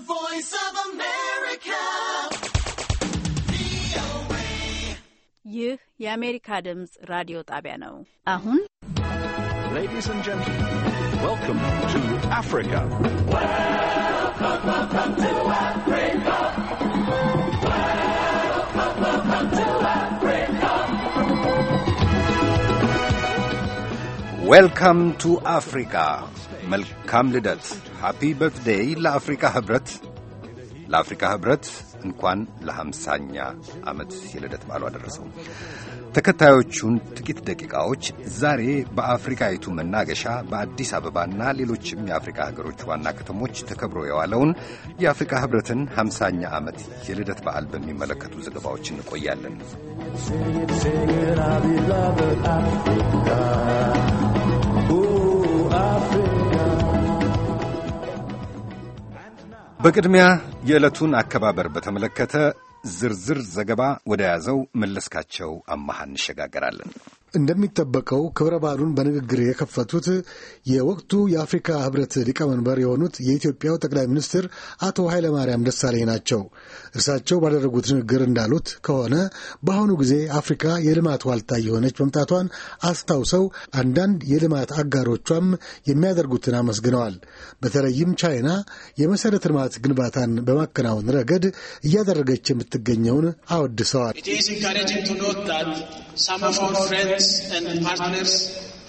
The Voice of America. ይህ የአሜሪካ ድምፅ ራዲዮ ጣቢያ ነው። አሁን Ladies and gentlemen, welcome to Africa. welcome to Africa. Welcome to Africa. መልካም ልደት ሃፒ በርትዴይ ለአፍሪካ ኅብረት ለአፍሪካ ኅብረት እንኳን ለሃምሳኛ ዓመት የልደት በዓሉ አደረሰው። ተከታዮቹን ጥቂት ደቂቃዎች ዛሬ በአፍሪካዊቱ መናገሻ በአዲስ አበባና ሌሎችም የአፍሪካ ሀገሮች ዋና ከተሞች ተከብሮ የዋለውን የአፍሪካ ኅብረትን ሃምሳኛ ዓመት የልደት በዓል በሚመለከቱ ዘገባዎች እንቆያለን። በቅድሚያ የዕለቱን አከባበር በተመለከተ ዝርዝር ዘገባ ወደ ያዘው መለስካቸው አማሃ እንሸጋገራለን። እንደሚጠበቀው ክብረ በዓሉን በንግግር የከፈቱት የወቅቱ የአፍሪካ ህብረት ሊቀመንበር የሆኑት የኢትዮጵያው ጠቅላይ ሚኒስትር አቶ ኃይለማርያም ደሳለኝ ናቸው። እርሳቸው ባደረጉት ንግግር እንዳሉት ከሆነ በአሁኑ ጊዜ አፍሪካ የልማት ዋልታ የሆነች መምጣቷን አስታውሰው አንዳንድ የልማት አጋሮቿም የሚያደርጉትን አመስግነዋል። በተለይም ቻይና የመሠረተ ልማት ግንባታን በማከናወን ረገድ እያደረገች የምትገኘውን አወድሰዋል። leaders and partners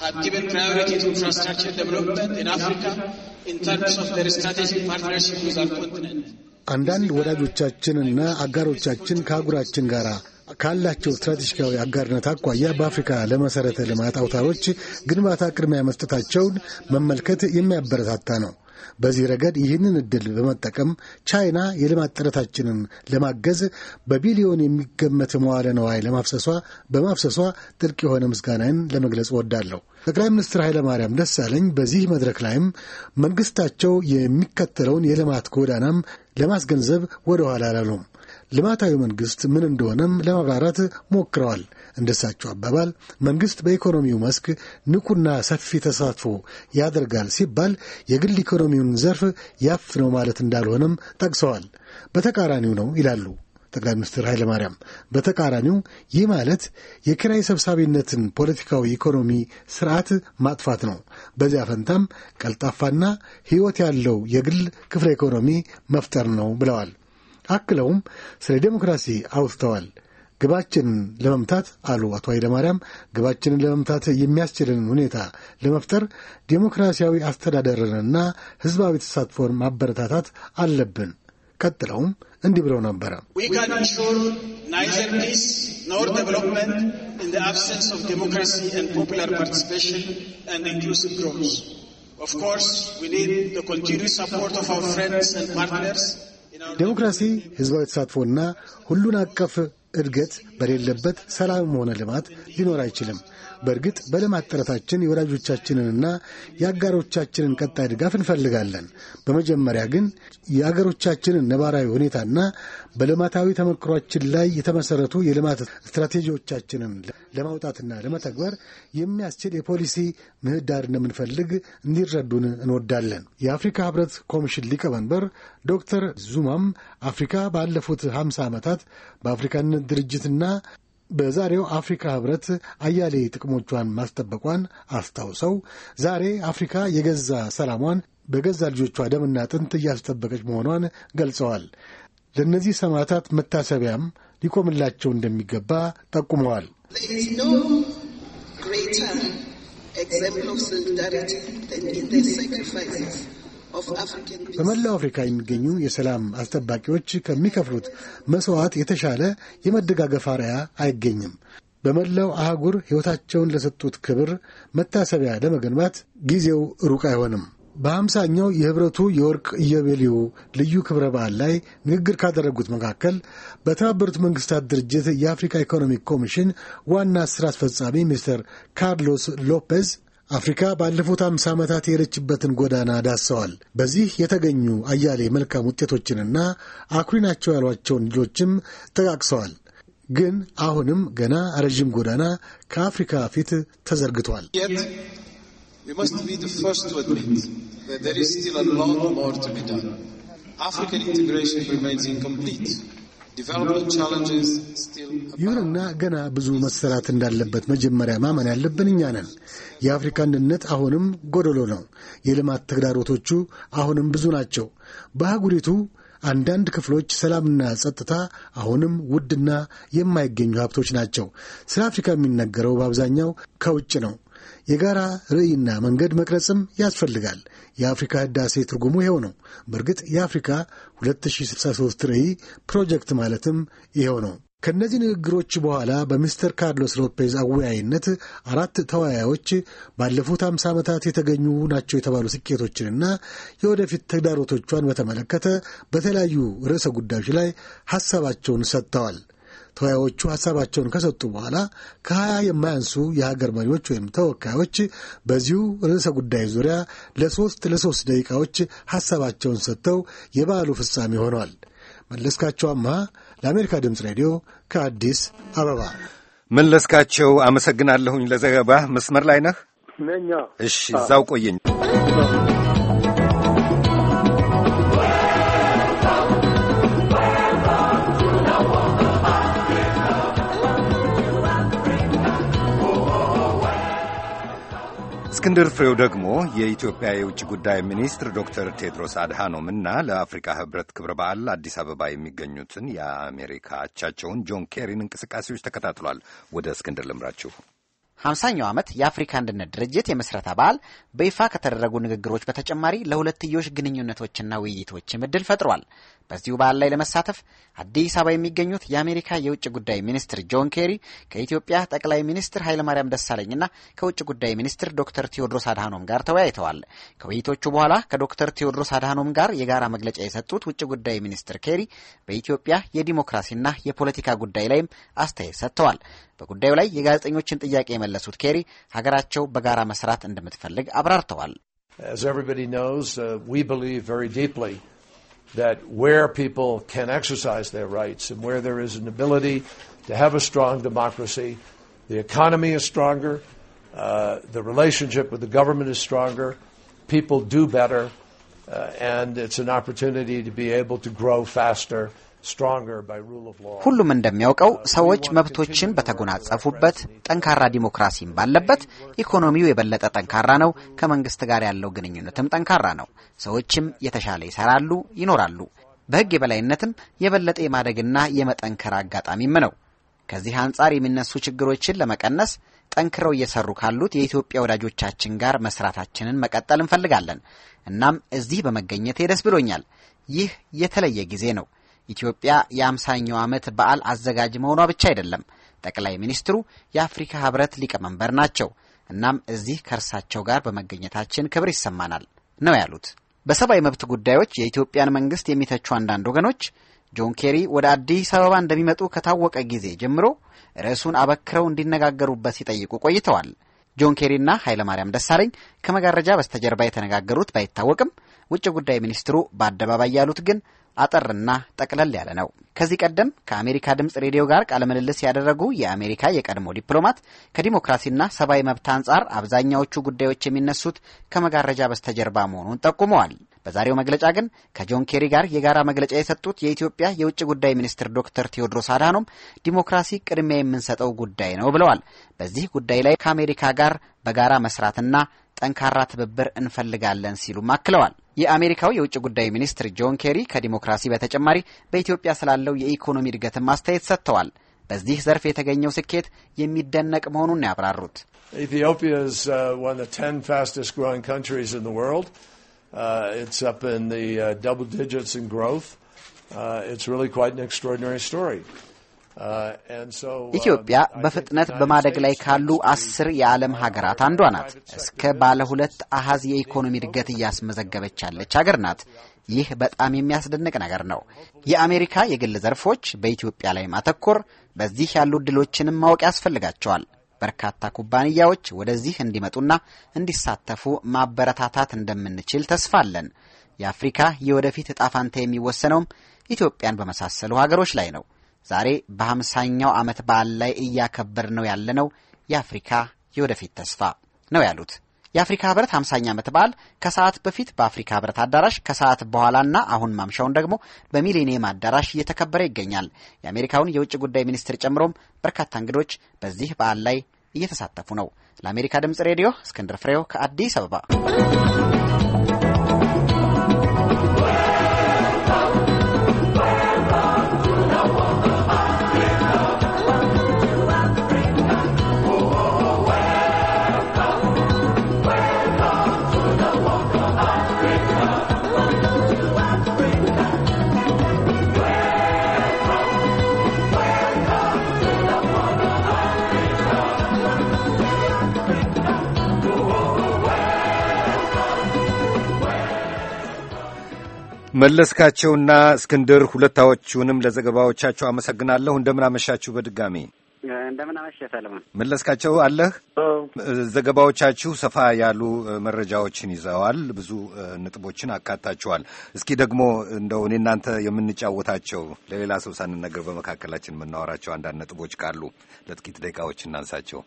have given priority to infrastructure development in Africa in terms of their strategic partnership with our continent. አንዳንድ ወዳጆቻችንና አጋሮቻችን ከአህጉራችን ጋር ካላቸው ስትራቴጂካዊ አጋርነት አኳያ በአፍሪካ ለመሠረተ ልማት አውታሮች ግንባታ ቅድሚያ መስጠታቸውን መመልከት የሚያበረታታ ነው። በዚህ ረገድ ይህንን እድል በመጠቀም ቻይና የልማት ጥረታችንን ለማገዝ በቢሊዮን የሚገመት መዋለ ነዋይ ለማፍሰሷ በማፍሰሷ ጥልቅ የሆነ ምስጋናን ለመግለጽ እወዳለሁ። ጠቅላይ ሚኒስትር ኃይለማርያም ደሳለኝ በዚህ መድረክ ላይም መንግስታቸው የሚከተለውን የልማት ጎዳናም ለማስገንዘብ ወደ ኋላ አላሉም። ልማታዊ መንግስት ምን እንደሆነም ለማብራራት ሞክረዋል። እንደሳቸው አባባል መንግስት በኢኮኖሚው መስክ ንቁና ሰፊ ተሳትፎ ያደርጋል ሲባል የግል ኢኮኖሚውን ዘርፍ ያፍነው ማለት እንዳልሆነም ጠቅሰዋል። በተቃራኒው ነው ይላሉ ጠቅላይ ሚኒስትር ኃይለማርያም በተቃራኒው ይህ ማለት የኪራይ ሰብሳቢነትን ፖለቲካዊ ኢኮኖሚ ስርዓት ማጥፋት ነው። በዚያ ፈንታም ቀልጣፋና ህይወት ያለው የግል ክፍለ ኢኮኖሚ መፍጠር ነው ብለዋል። አክለውም ስለ ዴሞክራሲ አውስተዋል። ግባችንን ለመምታት አሉ አቶ ኃይለማርያም ግባችንን ለመምታት የሚያስችልን ሁኔታ ለመፍጠር ዴሞክራሲያዊ አስተዳደርንና ህዝባዊ ተሳትፎን ማበረታታት አለብን። ቀጥለውም እንዲህ ብለው ነበረ። ዴሞክራሲ፣ ህዝባዊ ተሳትፎና ሁሉን አቀፍ እድገት በሌለበት ሰላምም ሆነ ልማት ሊኖር አይችልም። በእርግጥ በልማት ጥረታችን የወዳጆቻችንንና የአጋሮቻችንን ቀጣይ ድጋፍ እንፈልጋለን። በመጀመሪያ ግን የአገሮቻችንን ነባራዊ ሁኔታና በልማታዊ ተመክሯችን ላይ የተመሰረቱ የልማት ስትራቴጂዎቻችንን ለማውጣትና ለመተግበር የሚያስችል የፖሊሲ ምህዳር እንደምንፈልግ እንዲረዱን እንወዳለን። የአፍሪካ ህብረት ኮሚሽን ሊቀመንበር ዶክተር ዙማም አፍሪካ ባለፉት 50 ዓመታት በአፍሪካነት ድርጅትና በዛሬው አፍሪካ ህብረት አያሌ ጥቅሞቿን ማስጠበቋን አስታውሰው ዛሬ አፍሪካ የገዛ ሰላሟን በገዛ ልጆቿ ደምና አጥንት እያስጠበቀች መሆኗን ገልጸዋል። ለእነዚህ ሰማዕታት መታሰቢያም ሊቆምላቸው እንደሚገባ ጠቁመዋል። በመላው አፍሪካ የሚገኙ የሰላም አስጠባቂዎች ከሚከፍሉት መስዋዕት የተሻለ የመደጋገፍ አርያ አይገኝም። በመላው አህጉር ሕይወታቸውን ለሰጡት ክብር መታሰቢያ ለመገንባት ጊዜው ሩቅ አይሆንም። በሀምሳኛው የህብረቱ የወርቅ ኢዮቤልዩ ልዩ ክብረ በዓል ላይ ንግግር ካደረጉት መካከል በተባበሩት መንግስታት ድርጅት የአፍሪካ ኢኮኖሚክ ኮሚሽን ዋና ስራ አስፈጻሚ ሚስተር ካርሎስ ሎፔዝ አፍሪካ ባለፉት አምሳ ዓመታት የሄደችበትን ጎዳና ዳሰዋል። በዚህ የተገኙ አያሌ መልካም ውጤቶችንና አኩሪ ናቸው ያሏቸውን ልጆችም ጠቃቅሰዋል። ግን አሁንም ገና ረዥም ጎዳና ከአፍሪካ ፊት ተዘርግቷል። አፍሪካን ኢንቴግሬሽን ኢንኮምፕሊት ይሁንና ገና ብዙ መሰራት እንዳለበት መጀመሪያ ማመን ያለብን እኛ ነን። የአፍሪካ አንድነት አሁንም ጎደሎ ነው። የልማት ተግዳሮቶቹ አሁንም ብዙ ናቸው። በአህጉሪቱ አንዳንድ ክፍሎች ሰላምና ጸጥታ አሁንም ውድና የማይገኙ ሀብቶች ናቸው። ስለ አፍሪካ የሚነገረው በአብዛኛው ከውጭ ነው። የጋራ ርዕይና መንገድ መቅረጽም ያስፈልጋል። የአፍሪካ ህዳሴ ትርጉሙ ይኸው ነው። በእርግጥ የአፍሪካ 2063 ራዕይ ፕሮጀክት ማለትም ይኸው ነው። ከእነዚህ ንግግሮች በኋላ በሚስተር ካርሎስ ሎፔዝ አወያይነት አራት ተወያዮች ባለፉት ሃምሳ ዓመታት የተገኙ ናቸው የተባሉ ስኬቶችንና የወደፊት ተግዳሮቶቿን በተመለከተ በተለያዩ ርዕሰ ጉዳዮች ላይ ሐሳባቸውን ሰጥተዋል። ተወያዮቹ ሀሳባቸውን ከሰጡ በኋላ ከሀያ የማያንሱ የሀገር መሪዎች ወይም ተወካዮች በዚሁ ርዕሰ ጉዳይ ዙሪያ ለሶስት ለሶስት ደቂቃዎች ሀሳባቸውን ሰጥተው የበዓሉ ፍጻሜ ሆኗል። መለስካቸው አማ ለአሜሪካ ድምፅ ሬዲዮ ከአዲስ አበባ። መለስካቸው አመሰግናለሁኝ ለዘገባ። መስመር ላይ ነህ? እሺ፣ እዛው ቆየኝ። እስክንድር ፍሬው ደግሞ የኢትዮጵያ የውጭ ጉዳይ ሚኒስትር ዶክተር ቴድሮስ እና ለአፍሪካ ህብረት ክብረ በዓል አዲስ አበባ የሚገኙትን የአሜሪካ አቻቸውን ጆን ኬሪን እንቅስቃሴዎች ተከታትሏል። ወደ እስክንድር ልምራችሁ። ሀምሳኛው ዓመት የአፍሪካ አንድነት ድርጅት የምስረታ በዓል በይፋ ከተደረጉ ንግግሮች በተጨማሪ ለሁለትዮሽ ግንኙነቶችና ውይይቶችም እድል ፈጥሯል። በዚሁ በዓል ላይ ለመሳተፍ አዲስ አበባ የሚገኙት የአሜሪካ የውጭ ጉዳይ ሚኒስትር ጆን ኬሪ ከኢትዮጵያ ጠቅላይ ሚኒስትር ኃይለማርያም ደሳለኝና ከውጭ ጉዳይ ሚኒስትር ዶክተር ቴዎድሮስ አድሃኖም ጋር ተወያይተዋል። ከውይይቶቹ በኋላ ከዶክተር ቴዎድሮስ አድሃኖም ጋር የጋራ መግለጫ የሰጡት ውጭ ጉዳይ ሚኒስትር ኬሪ በኢትዮጵያ የዲሞክራሲና የፖለቲካ ጉዳይ ላይም አስተያየት ሰጥተዋል። በጉዳዩ ላይ የጋዜጠኞችን ጥያቄ የመለሱት ኬሪ ሀገራቸው በጋራ መስራት እንደምትፈልግ አብራርተዋል። As everybody knows, uh, we believe very deeply that where people can exercise their rights and where there is an ability to have a strong democracy, the economy is stronger, uh, the relationship with the government is stronger, people do better, uh, and it's an opportunity to be able to grow faster ሁሉም እንደሚያውቀው uh, ሰዎች መብቶችን በተጎናጸፉበት ጠንካራ ዲሞክራሲም ባለበት ኢኮኖሚው የበለጠ ጠንካራ ነው። ከመንግስት ጋር ያለው ግንኙነትም ጠንካራ ነው። ሰዎችም የተሻለ ይሰራሉ፣ ይኖራሉ። በህግ የበላይነትም የበለጠ የማደግና የመጠንከር አጋጣሚም ነው። ከዚህ አንጻር የሚነሱ ችግሮችን ለመቀነስ ጠንክረው እየሰሩ ካሉት የኢትዮጵያ ወዳጆቻችን ጋር መስራታችንን መቀጠል እንፈልጋለን። እናም እዚህ በመገኘቴ ደስ ብሎኛል። ይህ የተለየ ጊዜ ነው። ኢትዮጵያ የአምሳኛው ዓመት በዓል አዘጋጅ መሆኗ ብቻ አይደለም፣ ጠቅላይ ሚኒስትሩ የአፍሪካ ህብረት ሊቀመንበር ናቸው። እናም እዚህ ከእርሳቸው ጋር በመገኘታችን ክብር ይሰማናል ነው ያሉት። በሰብአዊ መብት ጉዳዮች የኢትዮጵያን መንግስት የሚተቹ አንዳንድ ወገኖች ጆን ኬሪ ወደ አዲስ አበባ እንደሚመጡ ከታወቀ ጊዜ ጀምሮ ርዕሱን አበክረው እንዲነጋገሩበት ሲጠይቁ ቆይተዋል። ጆን ኬሪና ኃይለማርያም ደሳለኝ ከመጋረጃ በስተጀርባ የተነጋገሩት ባይታወቅም ውጭ ጉዳይ ሚኒስትሩ በአደባባይ ያሉት ግን አጠርና ጠቅለል ያለ ነው። ከዚህ ቀደም ከአሜሪካ ድምፅ ሬዲዮ ጋር ቃለምልልስ ያደረጉ የአሜሪካ የቀድሞ ዲፕሎማት ከዲሞክራሲና ሰብአዊ መብት አንጻር አብዛኛዎቹ ጉዳዮች የሚነሱት ከመጋረጃ በስተጀርባ መሆኑን ጠቁመዋል። በዛሬው መግለጫ ግን ከጆን ኬሪ ጋር የጋራ መግለጫ የሰጡት የኢትዮጵያ የውጭ ጉዳይ ሚኒስትር ዶክተር ቴዎድሮስ አድሃኖም ዲሞክራሲ ቅድሚያ የምንሰጠው ጉዳይ ነው ብለዋል። በዚህ ጉዳይ ላይ ከአሜሪካ ጋር በጋራ መስራትና ጠንካራ ትብብር እንፈልጋለን ሲሉም አክለዋል። የአሜሪካው የውጭ ጉዳይ ሚኒስትር ጆን ኬሪ ከዲሞክራሲ በተጨማሪ በኢትዮጵያ ስላለው የኢኮኖሚ እድገትን ማስተያየት ሰጥተዋል። በዚህ ዘርፍ የተገኘው ስኬት የሚደነቅ መሆኑን ያብራሩት ኢትዮጵያ uh, Uh, uh, ኢትዮጵያ በፍጥነት በማደግ ላይ ካሉ አስር የዓለም ሀገራት አንዷ ናት። እስከ ባለ ሁለት አሃዝ የኢኮኖሚ እድገት እያስመዘገበች ያለች ሀገር ናት። ይህ በጣም የሚያስደንቅ ነገር ነው። የአሜሪካ የግል ዘርፎች በኢትዮጵያ ላይ ማተኮር፣ በዚህ ያሉ እድሎችንም ማወቅ ያስፈልጋቸዋል። በርካታ ኩባንያዎች ወደዚህ እንዲመጡና እንዲሳተፉ ማበረታታት እንደምንችል ተስፋ አለን። የአፍሪካ የወደፊት እጣ ፋንታ የሚወሰነውም ኢትዮጵያን በመሳሰሉ ሀገሮች ላይ ነው። ዛሬ በሀምሳኛው ዓመት በዓል ላይ እያከበር ነው ያለነው የአፍሪካ የወደፊት ተስፋ ነው ያሉት የአፍሪካ ህብረት 5ምሳኛ ዓመት በዓል ከሰዓት በፊት በአፍሪካ ህብረት አዳራሽ ከሰዓት በኋላና አሁን ማምሻውን ደግሞ በሚሌኒየም አዳራሽ እየተከበረ ይገኛል። የአሜሪካውን የውጭ ጉዳይ ሚኒስትር ጨምሮም በርካታ እንግዶች በዚህ በዓል ላይ እየተሳተፉ ነው። ለአሜሪካ ድምጽ ሬዲዮ እስክንድር ፍሬው ከአዲስ አበባ መለስካቸውና እስክንድር ሁለታዎቹንም ለዘገባዎቻቸው አመሰግናለሁ። እንደምናመሻችሁ በድጋሚ እንደምናመሽ ሰለሞን። መለስካቸው አለህ። ዘገባዎቻችሁ ሰፋ ያሉ መረጃዎችን ይዘዋል። ብዙ ነጥቦችን አካታችኋል። እስኪ ደግሞ እንደው እኔ እናንተ የምንጫወታቸው ለሌላ ሰው ሳንነገር በመካከላችን የምናወራቸው አንዳንድ ነጥቦች ካሉ ለጥቂት ደቂቃዎች እናንሳቸው።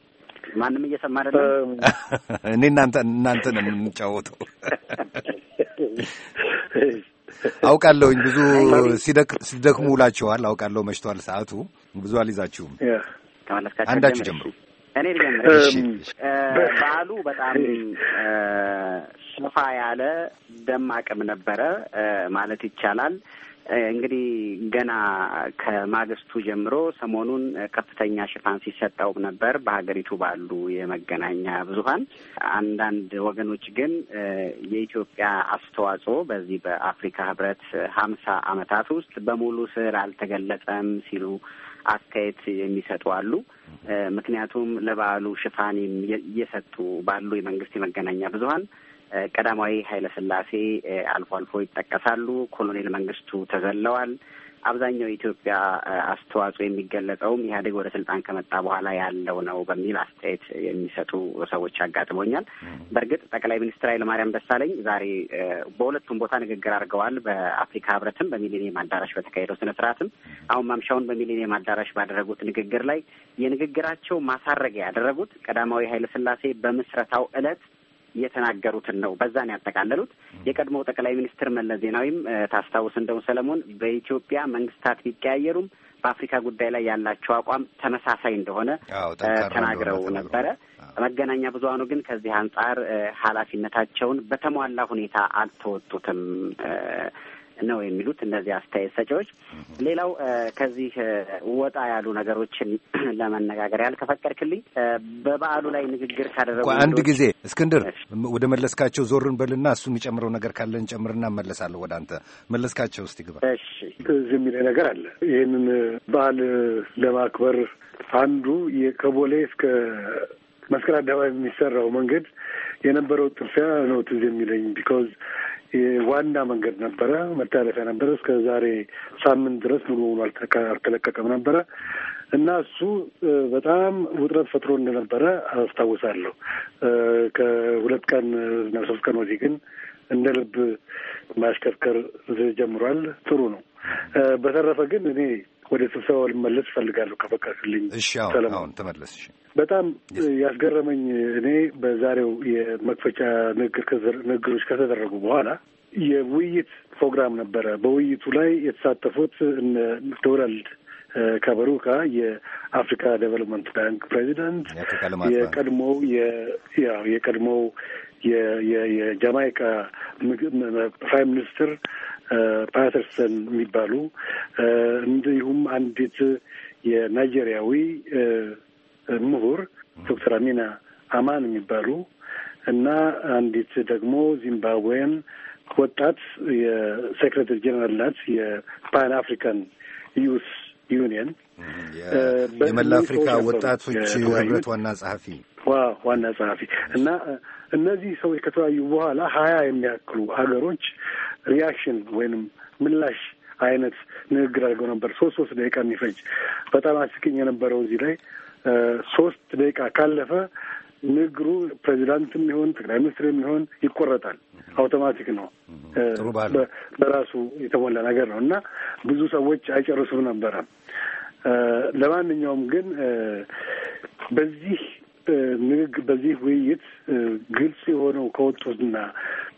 ማንም እየሰማ አይደለም። እኔ እናንተ እናንተን የምንጫወተው አውቃለሁኝ። ብዙ ሲደክሙ ውላችኋል። አውቃለሁ መሽቷል፣ ሰዓቱ ብዙ አልይዛችሁም። አንዳችሁ ጀምሩ። እኔ በዓሉ በጣም ሰፋ ያለ ደማቅም ነበረ ማለት ይቻላል። እንግዲህ ገና ከማግስቱ ጀምሮ ሰሞኑን ከፍተኛ ሽፋን ሲሰጠው ነበር በሀገሪቱ ባሉ የመገናኛ ብዙኃን። አንዳንድ ወገኖች ግን የኢትዮጵያ አስተዋጽኦ በዚህ በአፍሪካ ሕብረት ሀምሳ ዓመታት ውስጥ በሙሉ ስር አልተገለጸም ሲሉ አስተያየት የሚሰጡ አሉ። ምክንያቱም ለበዓሉ ሽፋን እየሰጡ ባሉ የመንግስት የመገናኛ ብዙኃን ቀዳማዊ ኃይለ ሥላሴ አልፎ አልፎ ይጠቀሳሉ። ኮሎኔል መንግስቱ ተዘለዋል። አብዛኛው የኢትዮጵያ አስተዋጽኦ የሚገለጸውም ኢህአዴግ ወደ ስልጣን ከመጣ በኋላ ያለው ነው በሚል አስተያየት የሚሰጡ ሰዎች አጋጥሞኛል። በእርግጥ ጠቅላይ ሚኒስትር ኃይለማርያም ደሳለኝ ዛሬ በሁለቱም ቦታ ንግግር አድርገዋል። በአፍሪካ ህብረትም በሚሊኒየም አዳራሽ በተካሄደው ስነ ስርዓትም አሁን ማምሻውን በሚሊኒየም አዳራሽ ባደረጉት ንግግር ላይ የንግግራቸው ማሳረጊያ ያደረጉት ቀዳማዊ ኃይለ ስላሴ በምስረታው እለት የተናገሩትን ነው በዛን ያጠቃለሉት። የቀድሞ ጠቅላይ ሚኒስትር መለስ ዜናዊም ታስታውስ እንደውም ሰለሞን በኢትዮጵያ መንግስታት ቢቀያየሩም በአፍሪካ ጉዳይ ላይ ያላቸው አቋም ተመሳሳይ እንደሆነ ተናግረው ነበረ። መገናኛ ብዙሀኑ ግን ከዚህ አንጻር ኃላፊነታቸውን በተሟላ ሁኔታ አልተወጡትም ነው የሚሉት እነዚህ አስተያየት ሰጪዎች። ሌላው ከዚህ ወጣ ያሉ ነገሮችን ለመነጋገር ያልከፈቀድክልኝ በበዓሉ ላይ ንግግር ካደረጉ አንድ ጊዜ እስክንድር ወደ መለስካቸው ዞርን በልና እሱ የሚጨምረው ነገር ካለን ጨምርና መለሳለሁ ወደ አንተ መለስካቸው። እስቲ ግባ። እሺ እዚህ የሚለ ነገር አለ። ይህንን በዓል ለማክበር አንዱ ከቦሌ እስከ መስቀል አደባባይ የሚሰራው መንገድ የነበረው ጥርፊያ ነው ትዝ የሚለኝ ቢኮዝ የዋና መንገድ ነበረ፣ መተላለፊያ ነበረ። እስከ ዛሬ ሳምንት ድረስ ሙሉ በሙሉ አልተለቀቀም ነበረ እና እሱ በጣም ውጥረት ፈጥሮ እንደነበረ አስታውሳለሁ። ከሁለት ቀን እና ሶስት ቀን ወዲህ ግን እንደ ልብ ማሽከርከር ጀምሯል። ጥሩ ነው። በተረፈ ግን እኔ ወደ ስብሰባው ልመለስ እፈልጋለሁ ከፈቀድልኝ። ሰለሞን ተመለስ። በጣም ያስገረመኝ እኔ በዛሬው የመክፈቻ ንግግር ንግግሮች ከተደረጉ በኋላ የውይይት ፕሮግራም ነበረ። በውይይቱ ላይ የተሳተፉት ዶናልድ ከበሩካ የአፍሪካ ዴቨሎፕመንት ባንክ ፕሬዚደንት፣ የቀድሞው የቀድሞው የጃማይካ ፕራይም ሚኒስትር ፓተርሰን የሚባሉ እንዲሁም አንዲት የናይጄሪያዊ ምሁር ዶክተር አሚና አማን የሚባሉ እና አንዲት ደግሞ ዚምባብዌን ወጣት የሴክሬታሪ ጀነራል ናት የፓን አፍሪካን ዩስ ዩኒየን የመላ አፍሪካ ወጣቶች ህብረት ዋና ጸሐፊ ዋ ዋና ጸሐፊ እና እነዚህ ሰዎች ከተወያዩ በኋላ ሀያ የሚያክሉ ሀገሮች ሪያክሽን ወይንም ምላሽ አይነት ንግግር አድርገው ነበር። ሶስት ሶስት ደቂቃ የሚፈጅ በጣም አስቂኝ የነበረው እዚህ ላይ ሶስት ደቂቃ ካለፈ ንግግሩ ፕሬዚዳንትም ይሆን ጠቅላይ ሚኒስትርም ይሆን ይቆረጣል። አውቶማቲክ ነው፣ በራሱ የተሞላ ነገር ነው እና ብዙ ሰዎች አይጨርሱም ነበረ። ለማንኛውም ግን በዚህ ንግግ በዚህ ውይይት ግልጽ የሆነው ከወጡትና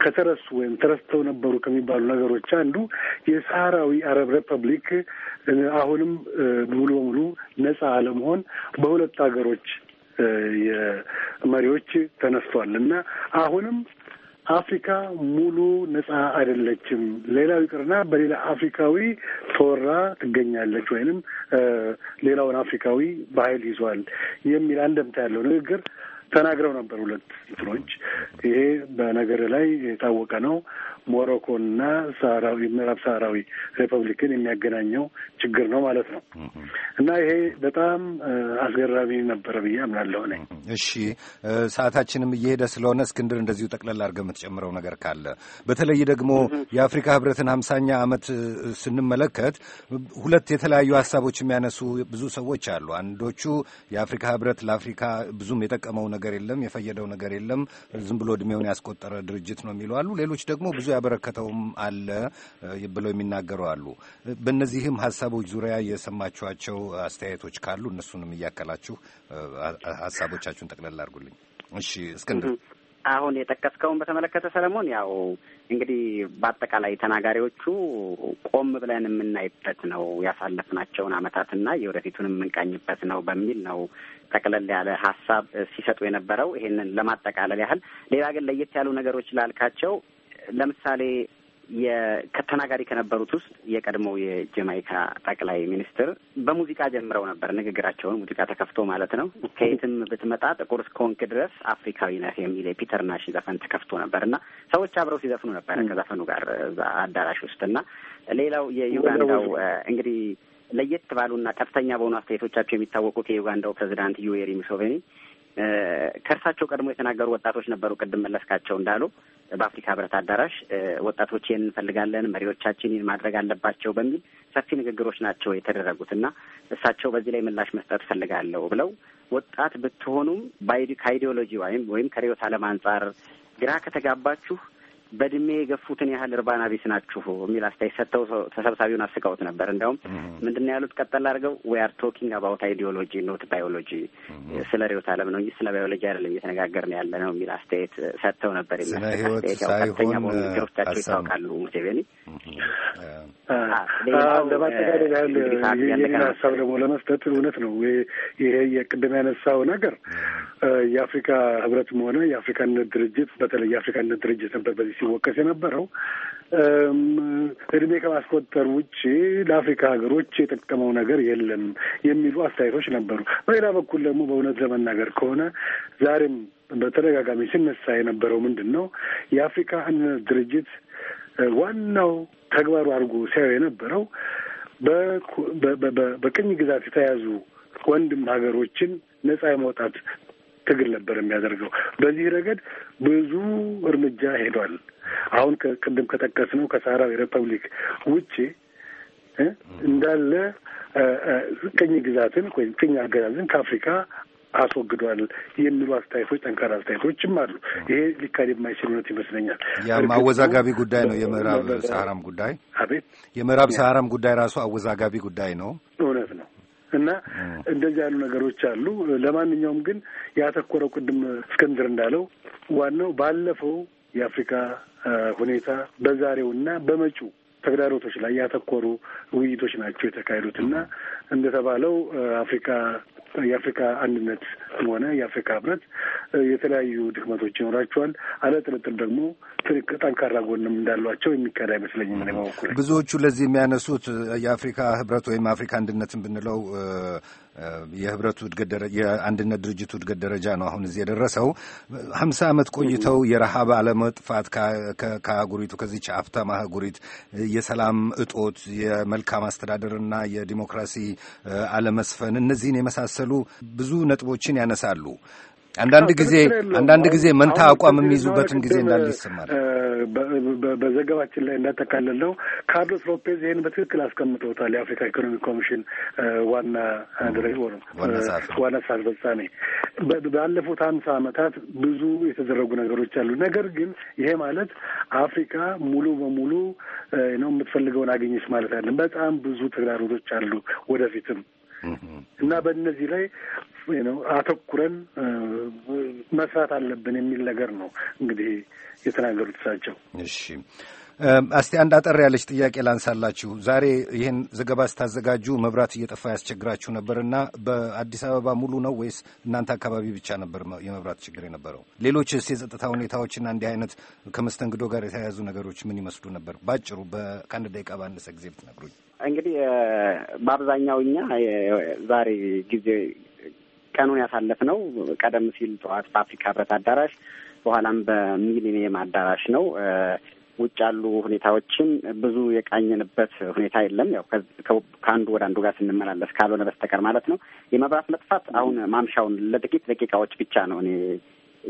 ከተረሱ ወይም ተረስተው ነበሩ ከሚባሉ ነገሮች አንዱ የሰሃራዊ አረብ ሪፐብሊክ አሁንም ሙሉ በሙሉ ነጻ አለመሆን በሁለት ሀገሮች መሪዎች ተነስቷል እና አሁንም አፍሪካ ሙሉ ነጻ አይደለችም። ሌላው ይቅርና በሌላ አፍሪካዊ ተወራ ትገኛለች ወይንም ሌላውን አፍሪካዊ በኃይል ይዟል የሚል አንደምታ ያለው ንግግር ተናግረው ነበር ሁለት እንትኖች። ይሄ በነገር ላይ የታወቀ ነው። ሞሮኮና ሳራዊ ምዕራብ ሳራዊ ሪፐብሊክን የሚያገናኘው ችግር ነው ማለት ነው እና ይሄ በጣም አስገራሚ ነበረ ብዬ አምናለሁ ነኝ። እሺ ሰዓታችንም እየሄደ ስለሆነ እስክንድር እንደዚሁ ጠቅለል አድርገህ የምትጨምረው ነገር ካለ በተለይ ደግሞ የአፍሪካ ህብረትን ሀምሳኛ ዓመት ስንመለከት ሁለት የተለያዩ ሀሳቦች የሚያነሱ ብዙ ሰዎች አሉ። አንዶቹ የአፍሪካ ህብረት ለአፍሪካ ብዙም የጠቀመው ነገር ነገር የለም፣ የፈየደው ነገር የለም፣ ዝም ብሎ እድሜውን ያስቆጠረ ድርጅት ነው የሚሉ አሉ። ሌሎች ደግሞ ብዙ ያበረከተውም አለ ብለው የሚናገሩ አሉ። በእነዚህም ሀሳቦች ዙሪያ የሰማችኋቸው አስተያየቶች ካሉ እነሱንም እያከላችሁ ሀሳቦቻችሁን ጠቅለል አድርጉልኝ። እሺ እስክንድር፣ አሁን የጠቀስከውን በተመለከተ ሰለሞን ያው እንግዲህ በአጠቃላይ ተናጋሪዎቹ ቆም ብለን የምናይበት ነው ያሳለፍናቸውን አመታትና የወደፊቱን የምንቃኝበት ነው በሚል ነው ጠቅለል ያለ ሀሳብ ሲሰጡ የነበረው። ይሄንን ለማጠቃለል ያህል ሌላ ግን ለየት ያሉ ነገሮች ላልካቸው ለምሳሌ ከተናጋሪ ከነበሩት ውስጥ የቀድሞው የጀማይካ ጠቅላይ ሚኒስትር በሙዚቃ ጀምረው ነበር ንግግራቸውን። ሙዚቃ ተከፍቶ ማለት ነው። ከየትም ብትመጣ ጥቁር እስከሆንክ ድረስ አፍሪካዊ ነህ የሚል የፒተር ናሽ ዘፈን ተከፍቶ ነበር እና ሰዎች አብረው ሲዘፍኑ ነበር ከዘፈኑ ጋር እዛ አዳራሽ ውስጥ እና ሌላው የዩጋንዳው እንግዲህ ለየት ባሉና ከፍተኛ በሆኑ አስተያየቶቻቸው የሚታወቁት የዩጋንዳው ፕሬዚዳንት ዩዌሪ ሙሴቬኒ ከእርሳቸው ቀድሞ የተናገሩ ወጣቶች ነበሩ። ቅድም መለስካቸው እንዳሉ በአፍሪካ ህብረት አዳራሽ ወጣቶች ይህን እንፈልጋለን፣ መሪዎቻችን ይህን ማድረግ አለባቸው በሚል ሰፊ ንግግሮች ናቸው የተደረጉት እና እሳቸው በዚህ ላይ ምላሽ መስጠት እፈልጋለሁ ብለው ወጣት ብትሆኑም ከአይዲዮሎጂ ወይም ወይም ከርዕዮተ ዓለም አንጻር ግራ ከተጋባችሁ በእድሜ የገፉትን ያህል እርባና ቢስ ናችሁ የሚል አስተያየት ሰጥተው ተሰብሳቢውን አስቀውት ነበር። እንዲያውም ምንድን ነው ያሉት ቀጠል አድርገው ዊ አር ቶኪንግ አባውት አይዲዮሎጂ ኖት ባዮሎጂ፣ ስለ ርዕዮተ ዓለም ነው እንጂ ስለ ባዮሎጂ አይደለም እየተነጋገርን ያለ ነው የሚል አስተያየት ሰጥተው ነበር። የሚያስተያየትቀጥተኛ በሆኑ ይታወቃሉ ሙሴቬኒ። ለማጠቃለል ሀሳብ ደግሞ ለመስጠት እውነት ነው ይሄ የቅድም ያነሳው ነገር የአፍሪካ ህብረትም ሆነ የአፍሪካነት ድርጅት በተለይ የአፍሪካነት ድርጅት ነበር በዚህ ሲወቀስ የነበረው እድሜ ከማስቆጠር ውጭ ለአፍሪካ ሀገሮች የጠቀመው ነገር የለም የሚሉ አስተያየቶች ነበሩ። በሌላ በኩል ደግሞ በእውነት ለመናገር ከሆነ ዛሬም በተደጋጋሚ ሲነሳ የነበረው ምንድን ነው የአፍሪካ አንድነት ድርጅት ዋናው ተግባሩ አድርጎ ሲያዩ የነበረው በቅኝ ግዛት የተያዙ ወንድም ሀገሮችን ነጻ የማውጣት ትግል ነበር የሚያደርገው። በዚህ ረገድ ብዙ እርምጃ ሄዷል። አሁን ቅድም ነው ከሳህራዊ ሪፐብሊክ ውጪ እንዳለ ቅኝ ግዛትን ወይም ቅኝ አገዛዝን ከአፍሪካ አስወግዷል የሚሉ አስተያየቶች፣ ጠንካራ አስተያየቶችም አሉ። ይሄ ሊካድ የማይችል እውነት ይመስለኛል። ያም አወዛጋቢ ጉዳይ ነው። የምዕራብ ሰሃራም ጉዳይ አቤት፣ የምዕራብ ሰሃራም ጉዳይ ራሱ አወዛጋቢ ጉዳይ ነው። እውነት ነው። እና እንደዚህ ያሉ ነገሮች አሉ። ለማንኛውም ግን ያተኮረው ቅድም እስክንድር እንዳለው ዋናው ባለፈው የአፍሪካ ሁኔታ በዛሬው እና በመጪው ተግዳሮቶች ላይ ያተኮሩ ውይይቶች ናቸው የተካሄዱት እና እንደተባለው አፍሪካ የአፍሪካ አንድነት ሆነ የአፍሪካ ህብረት የተለያዩ ድክመቶች ይኖራቸዋል። አለ ጥርጥር ደግሞ ጠንካራ ጎንም እንዳሏቸው የሚካድ አይመስለኝም። እኔ ብዙዎቹ ለዚህ የሚያነሱት የአፍሪካ ህብረት ወይም አፍሪካ አንድነትን ብንለው የህብረቱ የአንድነት ድርጅቱ እድገት ደረጃ ነው አሁን እዚህ የደረሰው። ሀምሳ ዓመት ቆይተው የረሃብ አለመጥፋት ከአህጉሪቱ ከዚች አፍታማ አህጉሪት የሰላም እጦት፣ የመልካም አስተዳደርና የዲሞክራሲ አለመስፈን እነዚህን የመሳሰሉ ብዙ ነጥቦችን ያነሳሉ። አንዳንድ ጊዜ አንዳንድ ጊዜ መንታ አቋም የሚይዙበትን ጊዜ እንዳለ ይሰማል። በዘገባችን ላይ እንዳጠቃለለው ካርሎስ ሎፔዝ ይህን በትክክል አስቀምጠውታል። የአፍሪካ ኢኮኖሚ ኮሚሽን ዋና ዋና ስራ አስፈጻሚ ባለፉት ሀምሳ ዓመታት ብዙ የተደረጉ ነገሮች አሉ። ነገር ግን ይሄ ማለት አፍሪካ ሙሉ በሙሉ ነው የምትፈልገውን አገኘች ማለት አይደለም። በጣም ብዙ ተግዳሮቶች አሉ ወደፊትም እና በእነዚህ ላይ ነው አተኩረን መስራት አለብን የሚል ነገር ነው እንግዲህ የተናገሩት እሳቸው። እሺ እስቲ አንድ አጠር ያለች ጥያቄ ላንሳላችሁ። ዛሬ ይህን ዘገባ ስታዘጋጁ መብራት እየጠፋ ያስቸግራችሁ ነበር እና በአዲስ አበባ ሙሉ ነው ወይስ እናንተ አካባቢ ብቻ ነበር የመብራት ችግር የነበረው? ሌሎችስ የጸጥታ ሁኔታዎችና እንዲህ አይነት ከመስተንግዶ ጋር የተያያዙ ነገሮች ምን ይመስሉ ነበር? ባጭሩ ከአንድ ደቂቃ ባነሰ ጊዜ ብትነግሩኝ። እንግዲህ በአብዛኛው እኛ ዛሬ ጊዜ ቀኑን ያሳለፍ ነው። ቀደም ሲል ጠዋት በአፍሪካ ህብረት አዳራሽ በኋላም በሚሊኒየም አዳራሽ ነው። ውጭ ያሉ ሁኔታዎችን ብዙ የቃኘንበት ሁኔታ የለም። ያው ከአንዱ ወደ አንዱ ጋር ስንመላለስ ካልሆነ በስተቀር ማለት ነው። የመብራት መጥፋት አሁን ማምሻውን ለጥቂት ደቂቃዎች ብቻ ነው እኔ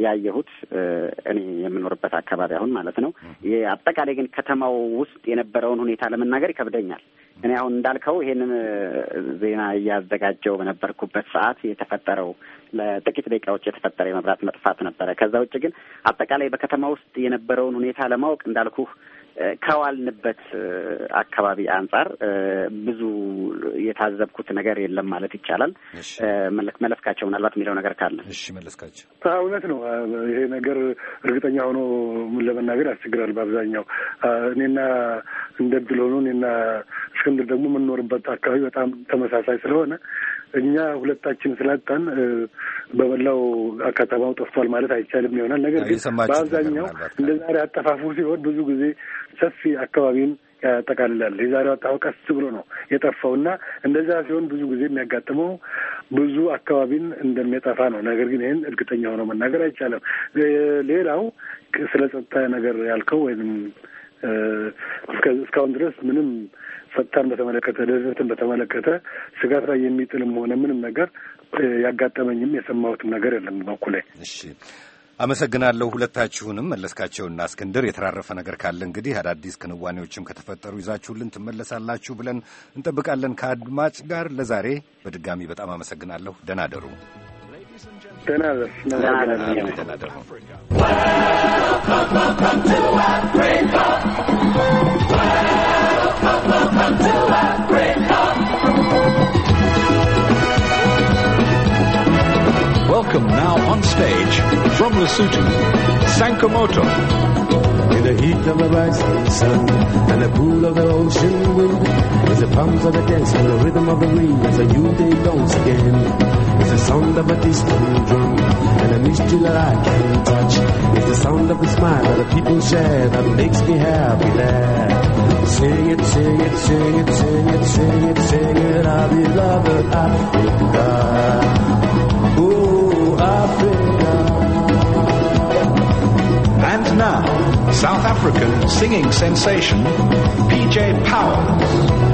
ያየሁት እኔ የምኖርበት አካባቢ አሁን ማለት ነው። አጠቃላይ ግን ከተማው ውስጥ የነበረውን ሁኔታ ለመናገር ይከብደኛል። እኔ አሁን እንዳልከው ይሄንን ዜና እያዘጋጀው በነበርኩበት ሰዓት የተፈጠረው ለጥቂት ደቂቃዎች የተፈጠረ የመብራት መጥፋት ነበረ። ከዛ ውጭ ግን አጠቃላይ በከተማ ውስጥ የነበረውን ሁኔታ ለማወቅ እንዳልኩህ ከዋልንበት አካባቢ አንጻር ብዙ የታዘብኩት ነገር የለም ማለት ይቻላል። መለስካቸው ምናልባት የሚለው ነገር ካለ። እሺ መለስካቸው፣ እውነት ነው ይሄ ነገር እርግጠኛ ሆኖ ለመናገር ያስቸግራል። በአብዛኛው እኔና እንደ ድል ሆኖ እኔና እስክንድር ደግሞ የምንኖርበት አካባቢ በጣም ተመሳሳይ ስለሆነ እኛ ሁለታችን ስላጣን በመላው ከተማው ጠፍቷል ማለት አይቻልም ይሆናል። ነገር ግን በአብዛኛው እንደ ዛሬ አጠፋፉ ሲሆን ብዙ ጊዜ ሰፊ አካባቢን ያጠቃልላል። የዛሬው አጠፋ ቀስ ብሎ ነው የጠፋው እና እንደዛ ሲሆን ብዙ ጊዜ የሚያጋጥመው ብዙ አካባቢን እንደሚያጠፋ ነው። ነገር ግን ይህን እርግጠኛ ሆነው መናገር አይቻልም። ሌላው ስለ ጸጥታ ነገር ያልከው ወይም እስካሁን ድረስ ምንም ጸጥታን በተመለከተ ደህንነትን በተመለከተ ስጋት ላይ የሚጥልም ሆነ ምንም ነገር ያጋጠመኝም የሰማሁትም ነገር የለም በኩሌ። እሺ አመሰግናለሁ ሁለታችሁንም። መለስካቸውና እስክንድር የተራረፈ ነገር ካለ እንግዲህ አዳዲስ ክንዋኔዎችም ከተፈጠሩ ይዛችሁልን ትመለሳላችሁ ብለን እንጠብቃለን ከአድማጭ ጋር። ለዛሬ በድጋሚ በጣም አመሰግናለሁ። ደህና ደሩ። ደህና ደሩ። Welcome to Africa. Welcome now on stage from Lesotho, Sankomoto. In the heat of the rising sun and the pool of the ocean wind, is the palms of the dance and the rhythm of the rain as a new day dawns again. It's the sound of a distant drum and a mystery that I can touch. It's the sound of the smile that the people share that makes me happy there. And now, South African singing sensation, PJ Powell.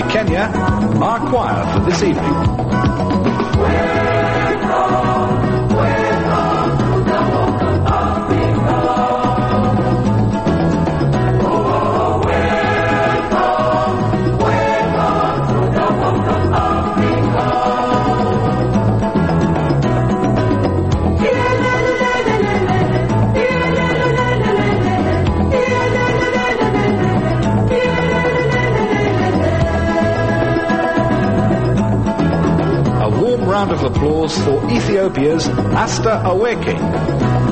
country Kenya, our choir for this evening. For Ethiopia's Asta Aweke.